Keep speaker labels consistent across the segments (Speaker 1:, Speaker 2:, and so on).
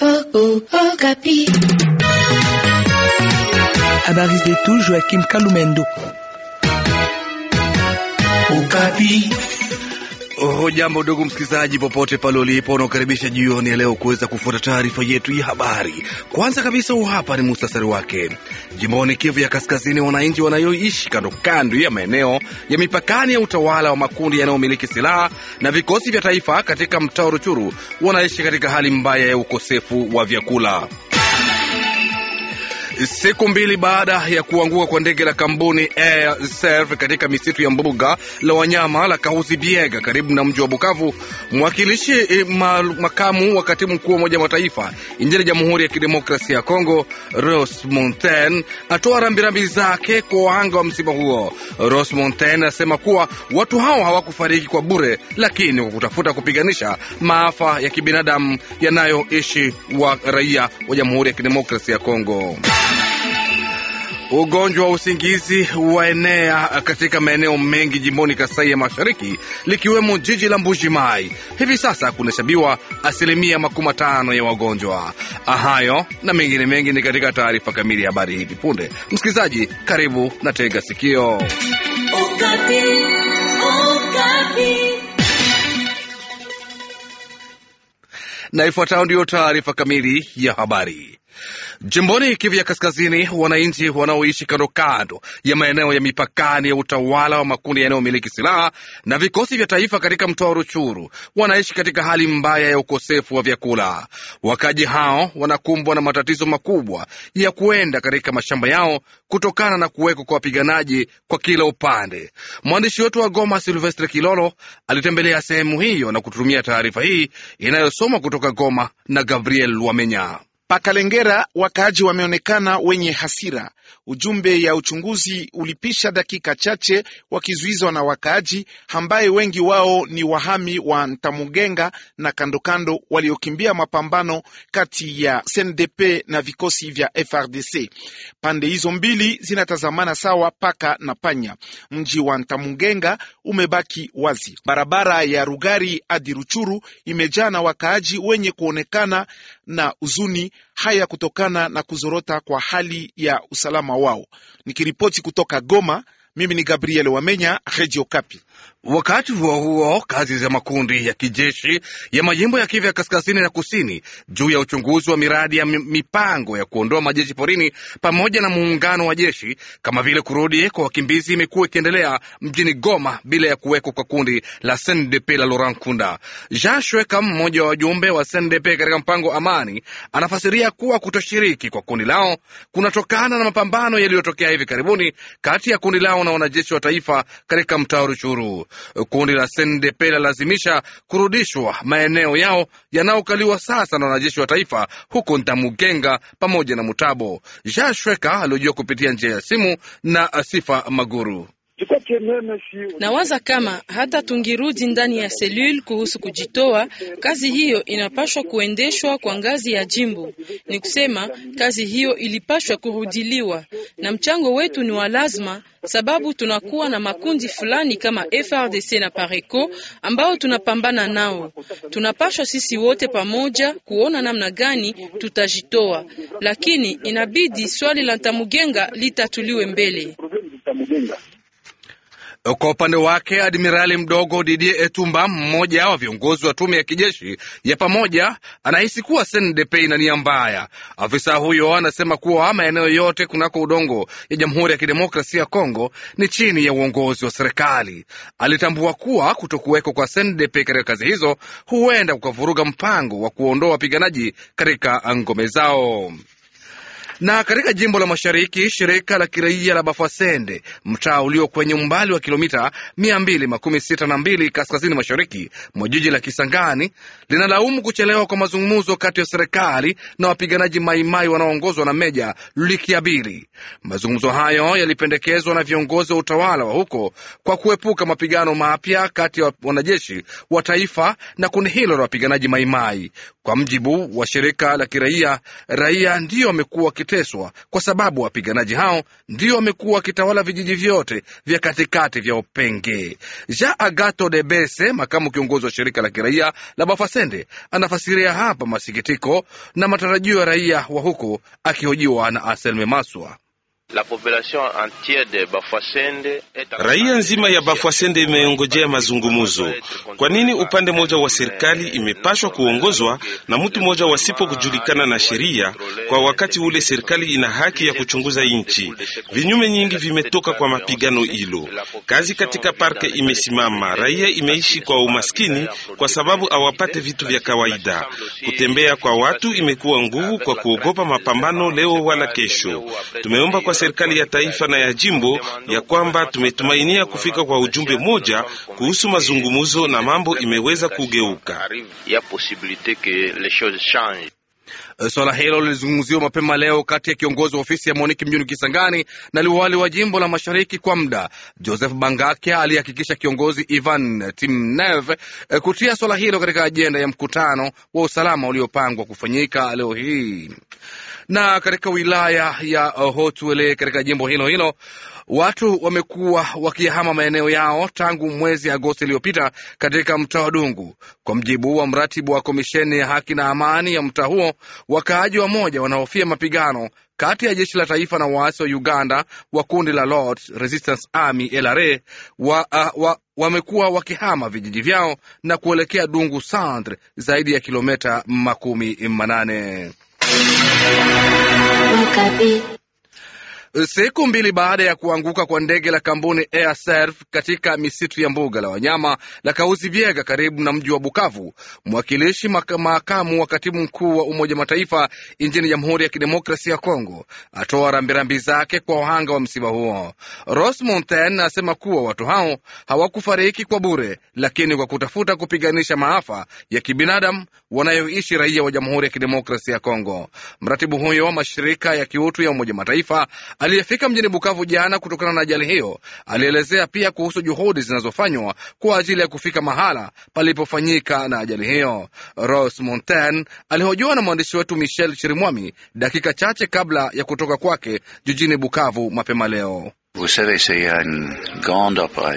Speaker 1: Okapi oh, oh, oh, Abarize toujou akim e kaloumendou Okapi Okapi Hujambo ndugu msikilizaji, popote pale ulipo, unaokaribisha jioni ya leo kuweza kufuata taarifa yetu ya habari. Kwanza kabisa, uhapa hapa ni muhtasari wake. Jimboni Kivu ya Kaskazini, wananchi wanayoishi kando kando ya maeneo ya mipakani ya utawala wa makundi yanayomiliki silaha na vikosi vya taifa katika mtaa Ruchuru wanaishi katika hali mbaya ya ukosefu wa vyakula. Siku mbili baada ya kuanguka kwa ndege la kampuni Air Serv katika misitu ya mbuga la wanyama la Kahuzi Biega karibu na mji wa Bukavu, mwakilishi eh, makamu wa katibu mkuu wa Umoja Mataifa nchini Jamhuri ya Kidemokrasia ya Kongo, Ros Montaigne atoa rambirambi zake kwa wahanga wa msiba huo. Ros Montaigne anasema kuwa watu hao hawakufariki kwa bure, lakini kwa kutafuta kupiganisha maafa ya kibinadamu yanayoishi wa raia wa Jamhuri ya Kidemokrasia ya Kongo. Ugonjwa wa usingizi waenea katika maeneo mengi jimboni Kasai ya Mashariki, likiwemo jiji la mbujimai Hivi sasa kunahesabiwa asilimia makumi matano ya wagonjwa ah, hayo, na mengine mengi ni katika taarifa kamili ya habari hivi punde. Msikilizaji, karibu na tega sikio. Na ifuatayo ndiyo taarifa kamili ya habari. Jimboni Kivu ya Kaskazini, wananchi wanaoishi kando kando ya maeneo ya mipakani ya utawala wa makundi yanayomiliki silaha na vikosi vya taifa katika mtoa Ruchuru wanaishi katika hali mbaya ya ukosefu wa vyakula. Wakaji hao wanakumbwa na matatizo makubwa ya kuenda katika mashamba yao kutokana na kuwekwa kwa wapiganaji kwa kila upande. Mwandishi wetu wa Goma, Silvestre Kilolo, alitembelea sehemu hiyo na kututumia taarifa hii inayosomwa kutoka Goma na Gabriel Wamenya.
Speaker 2: Pakalengera wakaaji wameonekana wenye hasira. Ujumbe ya uchunguzi ulipisha dakika chache wakizuizwa na wakaaji, ambaye wengi wao ni wahami wa Ntamugenga na kandokando, waliokimbia mapambano kati ya sndp na vikosi vya FRDC. Pande hizo mbili zinatazamana sawa paka na panya. Mji wa Ntamugenga umebaki wazi, barabara ya Rugari hadi Ruchuru imejaa na wakaaji wenye kuonekana na huzuni haya kutokana na kuzorota kwa hali ya usalama wao. Nikiripoti kutoka Goma, mimi ni Gabriel Wamenya, Radio Kapi. Wakati
Speaker 1: huo huo, kazi za makundi ya kijeshi ya majimbo ya Kivu ya kaskazini na kusini juu ya uchunguzi wa miradi ya mipango ya kuondoa majeshi porini pamoja na muungano wa jeshi kama vile kurudi kwa wakimbizi imekuwa ikiendelea mjini Goma bila ya kuwekwa kwa kundi la sndp la Laurent Kunda. Jean Shweka, mmoja wa wajumbe wa sndp katika mpango amani, anafasiria kuwa kutoshiriki kwa kundi lao kunatokana na mapambano yaliyotokea hivi karibuni kati ya kundi lao na wanajeshi wa taifa katika mtaa Ruchuru. Kundi la SNDP lalazimisha kurudishwa maeneo yao yanayokaliwa sasa na wanajeshi wa taifa huko Ntamugenga pamoja na Mutabo. Jashweka aliojua kupitia njia ya simu na Asifa Maguru.
Speaker 3: Nawaza kama hata tungirudi ndani ya selule kuhusu kujitoa, kazi hiyo inapashwa kuendeshwa kwa ngazi ya jimbo. Ni kusema kazi hiyo ilipashwa kurudiliwa, na mchango wetu ni wa lazima, sababu tunakuwa na makundi fulani kama FRDC na Pareco ambao tunapambana nao. Tunapashwa sisi wote pamoja kuona namna gani tutajitoa, lakini inabidi swali la tamugenga litatuliwe mbele.
Speaker 1: Kwa upande wake admirali mdogo Didier Etumba, mmoja wa viongozi wa tume ya kijeshi ya pamoja, anahisi kuwa SNDP ina nia mbaya. Afisa huyo anasema kuwa maeneo yote kunako udongo ya Jamhuri ya Kidemokrasia ya Kongo ni chini ya uongozi wa serikali. Alitambua kuwa kutokuweko kwa SNDP katika kazi hizo huenda kukavuruga mpango wa kuondoa wapiganaji katika ngome zao. Na katika jimbo la mashariki shirika la kiraia la bafasende mtaa ulio kwenye umbali wa kilomita 262 kaskazini mashariki mwa jiji la Kisangani, linalaumu kuchelewa kwa mazungumzo kati ya serikali na wapiganaji Maimai wanaoongozwa na Meja Lukiabili. Mazungumzo hayo yalipendekezwa na viongozi wa utawala wa huko kwa kuepuka mapigano mapya kati ya wanajeshi wa taifa na kundi hilo la wapiganaji Maimai. Kwa mjibu wa shirika la kiraia, raia ndio wamekuwa wakiteswa kwa sababu wapiganaji hao ndio wamekuwa wakitawala vijiji vyote vya katikati vya Openge. Jean Agato de Bese, makamu kiongozi wa shirika la kiraia la Bafasende, anafasiria hapa masikitiko na matarajio ya raia wa huko, akihojiwa na Aselme Maswa. Raia nzima ya
Speaker 2: Bafwasende imeongojea mazungumzo. Kwa nini upande mmoja wa serikali imepashwa kuongozwa na mtu mmoja wasipokujulikana na sheria, kwa wakati ule serikali ina haki ya kuchunguza nchi? Vinyume nyingi vimetoka kwa mapigano hilo. Kazi katika parke imesimama, raia imeishi kwa umaskini kwa sababu awapate vitu vya kawaida. Kutembea kwa watu imekuwa nguvu kwa kuogopa mapambano leo wala kesho. Tumeomba kwa serikali ya taifa na ya jimbo ya kwamba tumetumainia kufika kwa ujumbe mmoja kuhusu mazungumzo na mambo imeweza kugeuka.
Speaker 1: E, swala hilo lilizungumziwa mapema leo kati ya kiongozi wa ofisi ya MONUC mjini Kisangani na liwali wa jimbo la mashariki kwa muda Joseph Bangakia aliyehakikisha kiongozi Ivan Timnev e, kutia swala hilo katika ajenda ya mkutano wa usalama uliopangwa kufanyika leo hii. Na katika wilaya ya Hotuele katika jimbo hilo hilo watu wamekuwa wakiyahama maeneo yao tangu mwezi Agosti iliyopita katika mtaa wa Dungu. Kwa mjibu wa mratibu wa komisheni ya haki na amani ya mtaa huo, wakaaji wa moja wanahofia mapigano kati ya jeshi la taifa na waasi wa Uganda wa kundi la Lord Resistance Army LRA wamekuwa wa, wamekuwa wakihama vijiji vyao na kuelekea Dungu Centre, zaidi ya kilometa makumi manane. Look at me. Siku mbili baada ya kuanguka kwa ndege la kampuni Air katika misitu ya mbuga la wanyama la kauzi Biega karibu na mji wa Bukavu, mwakilishi makamu wa katibu mkuu wa Umoja Mataifa nchini Jamhuri ya Kidemokrasia ya Kongo atoa rambirambi zake kwa wahanga wa msiba huo. ros Monten asema kuwa watu hao hawakufariki kwa bure, lakini kwa kutafuta kupiganisha maafa ya kibinadamu wanayoishi raia wa Jamhuri ya Kidemokrasia ya Kongo. Mratibu huyo wa mashirika ya kiutu ya Umoja Mataifa aliyefika mjini Bukavu jana kutokana na ajali hiyo alielezea pia kuhusu juhudi zinazofanywa kwa ajili ya kufika mahala palipofanyika na ajali hiyo. Rose Montaigne alihojiwa na mwandishi wetu Michel Chirimwami dakika chache kabla ya kutoka kwake jijini Bukavu mapema leo.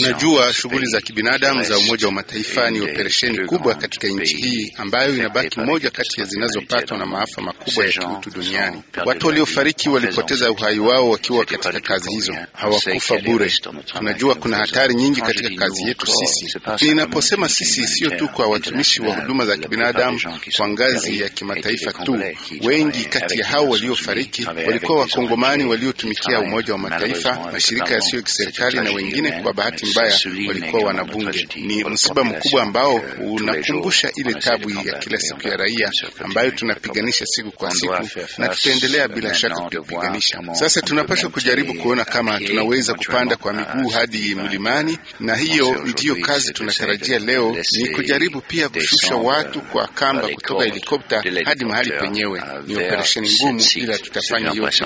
Speaker 1: Unajua,
Speaker 2: shughuli za kibinadamu za Umoja wa Mataifa ni operesheni kubwa katika nchi hii ambayo inabaki moja kati ya zinazopatwa na maafa makubwa ya kiutu duniani. Watu waliofariki walipoteza uhai wao wakiwa katika kazi hizo, hawakufa bure. Tunajua kuna hatari nyingi katika kazi yetu sisi. Ninaposema sisi, sio tu kwa watumishi wa huduma za kibinadamu kwa ngazi ya kimataifa tu. Wengi kati ya hao waliofariki walikuwa wakongomani waliotumikia Umoja wa Mataifa mashirika yasiyo kiserikali na wengine, kwa bahati mbaya, walikuwa wanabunge. Ni msiba mkubwa ambao eh, unakumbusha ile tabu ya kila siku ya raia ambayo tunapiganisha siku kwa siku, na tutaendelea bila shaka kupiganisha. Sasa tunapaswa kujaribu kuona kama tunaweza kupanda kwa miguu hadi milimani, na hiyo ndiyo kazi tunatarajia leo, ni kujaribu pia kushusha watu kwa kamba kutoka helikopta hadi mahali penyewe.
Speaker 1: Ni uh, operesheni ngumu, ila tutafanya yote.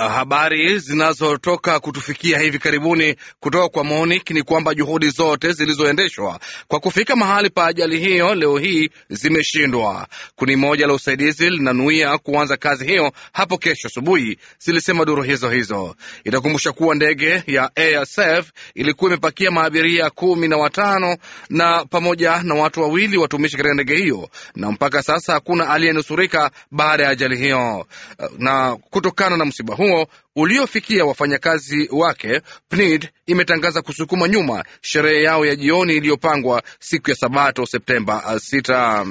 Speaker 1: Eh, habari zinazotoka kutufikia hivi karibuni kutoka kwa MONUC ni kwamba juhudi zote zilizoendeshwa kwa kufika mahali pa ajali hiyo leo hii zimeshindwa. Kundi moja la usaidizi linanuia kuanza kazi hiyo hapo kesho asubuhi, zilisema duru hizo hizo. Itakumbusha kuwa ndege ya ASF ilikuwa imepakia maabiria kumi na watano na pamoja na watu wawili watumishi katika ndege hiyo, na mpaka sasa hakuna aliyenusurika baada ya ajali hiyo eh, na kutokana na msiba huo uliofikia wafanyakazi wake, PNID imetangaza kusukuma nyuma sherehe yao ya jioni iliyopangwa siku ya Sabato, Septemba 6.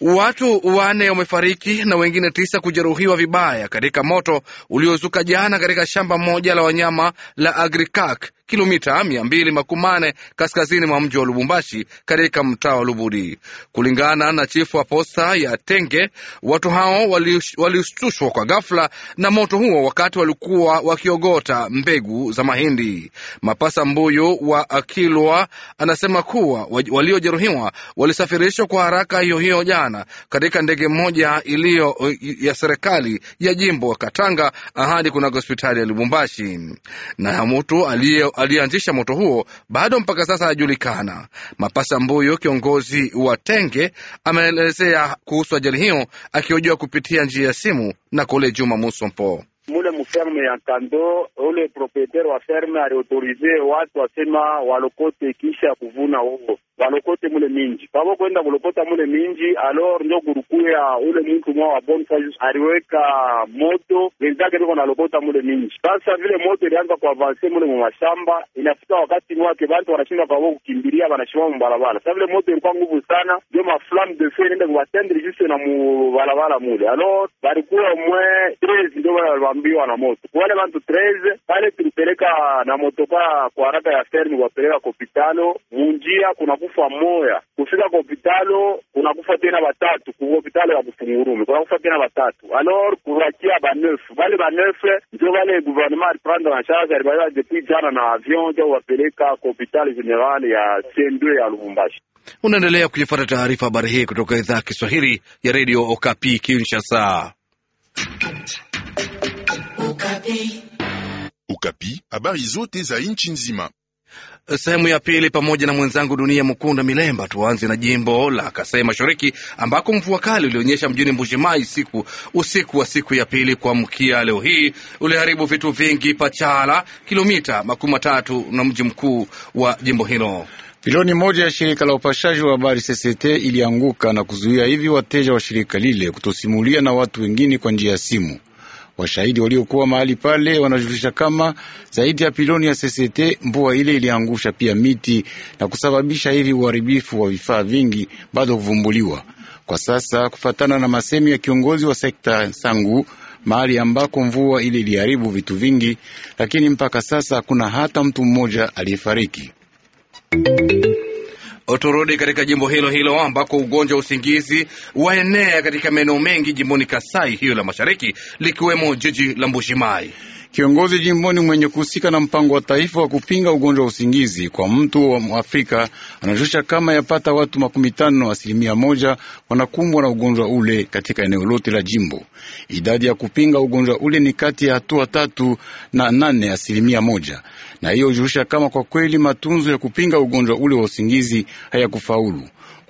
Speaker 1: Uh, Watu wane wamefariki na wengine tisa kujeruhiwa vibaya katika moto uliozuka jana katika shamba moja la wanyama la Agricac kilomita mia mbili makumane kaskazini mwa mji wa Lubumbashi, katika mtaa wa Lubudi. Kulingana na chifu wa posta ya Tenge, watu hao walishtushwa wali kwa ghafla na moto huo wakati walikuwa wakiogota mbegu za mahindi. Mapasa Mbuyu wa Akilwa anasema kuwa waliojeruhiwa walisafirishwa kwa haraka hiyo hiyo jana katika ndege moja iliyo ya serikali ya jimbo Katanga hadi kunako hospitali ya Lubumbashi na mtu aliye aliyeanzisha moto huo bado mpaka sasa hajulikana. Mapasa Mbuyo, kiongozi wa Tenge, ameelezea kuhusu ajali hiyo akihojiwa kupitia njia ya simu na Kole Juma Musompo
Speaker 4: mule muferme ya Kando, ule proprietaire wa ferme aliautorize
Speaker 1: watu wasema walokote kisha ya kuvuna huo walokote mule minji pavo kwenda kulokota mule minji alor njo kurukuya ule mtu mwa wa Boniface aliweka moto wenzake viko nalokota mule minji. Sasa vile moto ilianza kuavanse mule mumashamba inafika wakati mwake bantu wanashinda kwavo kukimbilia, wanashima mubarabara. Sasa vile moto ilikuwa nguvu sana, ndio maflam de feu nenda kuwatendre juste na mubalabala mule, alor balikuwa mwe 13 ndio wakaambiwa na moto wale vantu treze pale, tulipeleka na motoka kwa haraka ya Stern kuwapeleka kopitalo. Munjia kuna kufa moya, kufika kopitalo kuna kufa tena watatu, kopitalo ya kufungurume kuna kufa tena watatu. Alors kuwakia baneuf vale banefu ndio vale gouvernement aliprendre en charge, alibaa depuis jana na avion
Speaker 3: ndio wapeleka kopitalo general ya Sendwe ya Lubumbashi. Unaendelea kujifuata
Speaker 1: taarifa habari hii kutoka idhaa ya Kiswahili ya Radio Okapi Kinshasa. Ukapi. Ukapi, habari zote za nchi nzima. Eh, sehemu ya pili pamoja na mwenzangu Dunia mkunda Milemba. Tuanze na jimbo la Kasai Mashariki ambako mvua kali ulionyesha mjini Mbujimai siku usiku wa siku ya pili kuamkia leo hii uliharibu vitu vingi Pachala, kilomita makumi matatu na mji mkuu wa jimbo hilo.
Speaker 4: Piloni moja ya shirika la upashaji wa habari CCT ilianguka na kuzuia hivi wateja wa shirika lile kutosimulia na watu wengine kwa njia ya simu. Washahidi waliokuwa mahali pale wanajulisha kama zaidi ya piloni ya CCT mvua ile iliangusha pia miti na kusababisha hivi uharibifu wa vifaa vingi bado kuvumbuliwa kwa sasa, kufatana na masemi ya kiongozi wa sekta Sangu mahali ambako mvua ili iliharibu vitu vingi, lakini mpaka sasa hakuna hata mtu mmoja aliyefariki.
Speaker 1: Turudi katika jimbo hilo hilo ambako ugonjwa wa usingizi waenea katika maeneo mengi jimboni Kasai hiyo la mashariki likiwemo jiji la Mbushimai. Kiongozi jimboni mwenye kuhusika na mpango wa taifa wa kupinga
Speaker 4: ugonjwa wa usingizi kwa mtu wa Afrika anashusha kama yapata watu makumi tano asilimia moja wanakumbwa na ugonjwa ule katika eneo lote la jimbo. Idadi ya kupinga ugonjwa ule ni kati ya hatua tatu na nane asilimia moja, na hiyo hujusha kama kwa kweli matunzo ya kupinga ugonjwa ule wa usingizi hayakufaulu.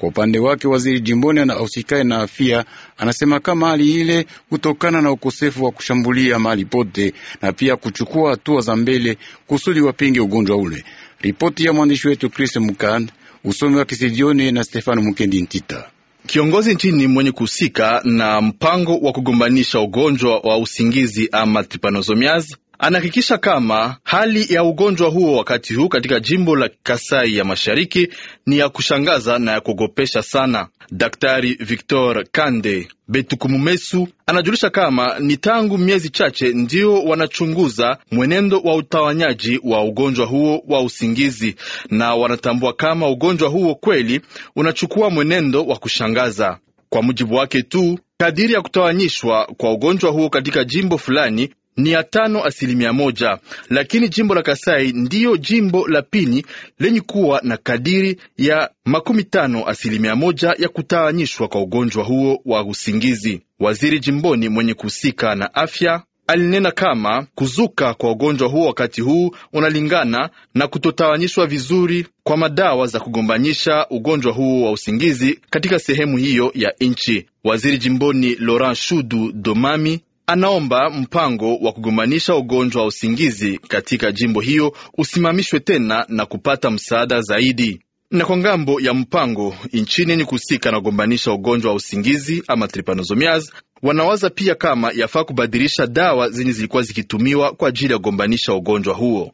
Speaker 4: Kwa upande wake waziri jimboni anahusikaye na afya anasema kama hali ile kutokana na ukosefu wa kushambulia mahali pote na pia kuchukua hatua za mbele kusudi wapinge ugonjwa ule. Ripoti ya mwandishi wetu Chris Mkan, usomi wa Kisidioni na Stefano Mukendi
Speaker 3: Ntita. Kiongozi nchini mwenye kuhusika na mpango wa kugombanisha ugonjwa wa usingizi ama trypanosomiasis anahakikisha kama hali ya ugonjwa huo wakati huu katika jimbo la Kasai ya Mashariki ni ya kushangaza na ya kuogopesha sana. Daktari Victor Kande Betukumumesu anajulisha kama ni tangu miezi chache ndio wanachunguza mwenendo wa utawanyaji wa ugonjwa huo wa usingizi, na wanatambua kama ugonjwa huo kweli unachukua mwenendo wa kushangaza. Kwa mujibu wake tu kadiri ya kutawanyishwa kwa ugonjwa huo katika jimbo fulani ni ya tano asilimia moja, lakini jimbo la Kasai ndiyo jimbo la pili lenye kuwa na kadiri ya makumi tano asilimia moja ya kutawanyishwa kwa ugonjwa huo wa usingizi. Waziri jimboni mwenye kuhusika na afya alinena kama kuzuka kwa ugonjwa huo wakati huu unalingana na kutotawanyishwa vizuri kwa madawa za kugombanyisha ugonjwa huo wa usingizi katika sehemu hiyo ya nchi. Waziri jimboni Laurent Shudu Domami anaomba mpango wa kugombanisha ugonjwa wa usingizi katika jimbo hiyo usimamishwe tena na kupata msaada zaidi na kwa ngambo ya mpango nchini yenye kuhusika na kugombanisha ugonjwa wa usingizi ama trypanosomias, wanawaza pia kama yafaa kubadilisha dawa zenye zilikuwa zikitumiwa kwa ajili ya kugombanisha ugonjwa huo.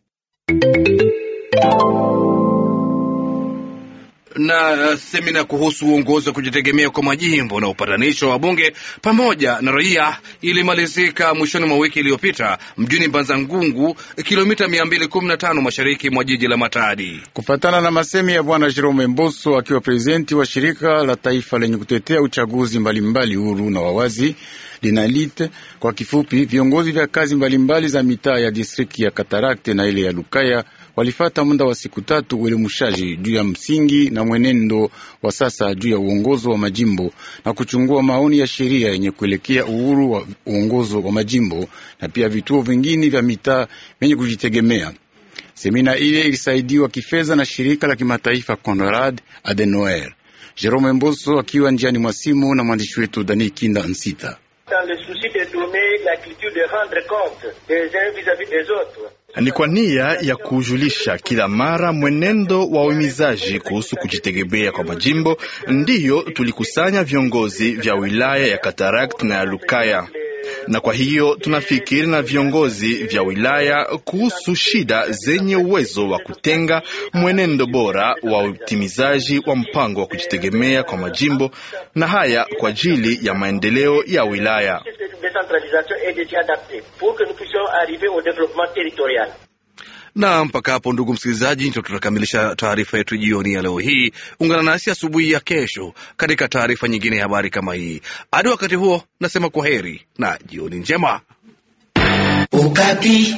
Speaker 1: na eh, semina kuhusu uongozi wa kujitegemea kwa majimbo na upatanisho wa bunge pamoja na raia ilimalizika mwishoni mwa wiki iliyopita mjini Banzangungu, kilomita 215 mashariki mwa jiji la Matadi.
Speaker 4: Kufatana na masemi ya Bwana Jerome Mboso akiwa prezidenti wa shirika la taifa lenye kutetea uchaguzi mbalimbali huru na wawazi Dinalite kwa kifupi, viongozi vya kazi mbalimbali mbali za mitaa ya distrikti ya Katarakte na ile ya Lukaya walifata muda wa siku tatu uelemushaji juu ya msingi na mwenendo wa sasa juu ya uongozo wa majimbo na kuchungua maoni ya sheria yenye kuelekea uhuru wa uongozo wa majimbo na pia vituo vingine vya mitaa vyenye kujitegemea. Semina ile ilisaidiwa kifedha na shirika la kimataifa Conrad Adenoer. Jerome Mboso akiwa njiani mwa simu na mwandishi wetu Dani Kinda Nsita.
Speaker 3: des ni kwa nia ya kujulisha kila mara mwenendo wa uhimizaji kuhusu kujitegemea kwa majimbo. Ndiyo tulikusanya viongozi vya wilaya ya Katarakt na ya Lukaya na kwa hiyo tunafikiri na viongozi vya wilaya kuhusu shida zenye uwezo wa kutenga mwenendo bora wa utimizaji wa mpango wa kujitegemea kwa majimbo, na haya kwa ajili ya maendeleo ya wilaya décentralisation et
Speaker 1: des adaptée pour que nous puissions arriver au développement territorial
Speaker 3: na mpaka hapo, ndugu
Speaker 1: msikilizaji, ndio tutakamilisha taarifa yetu jioni ya leo hii. Ungana nasi asubuhi ya kesho katika taarifa nyingine ya habari kama hii. Hadi wakati huo, nasema kwa heri na jioni njema.
Speaker 3: Ukati.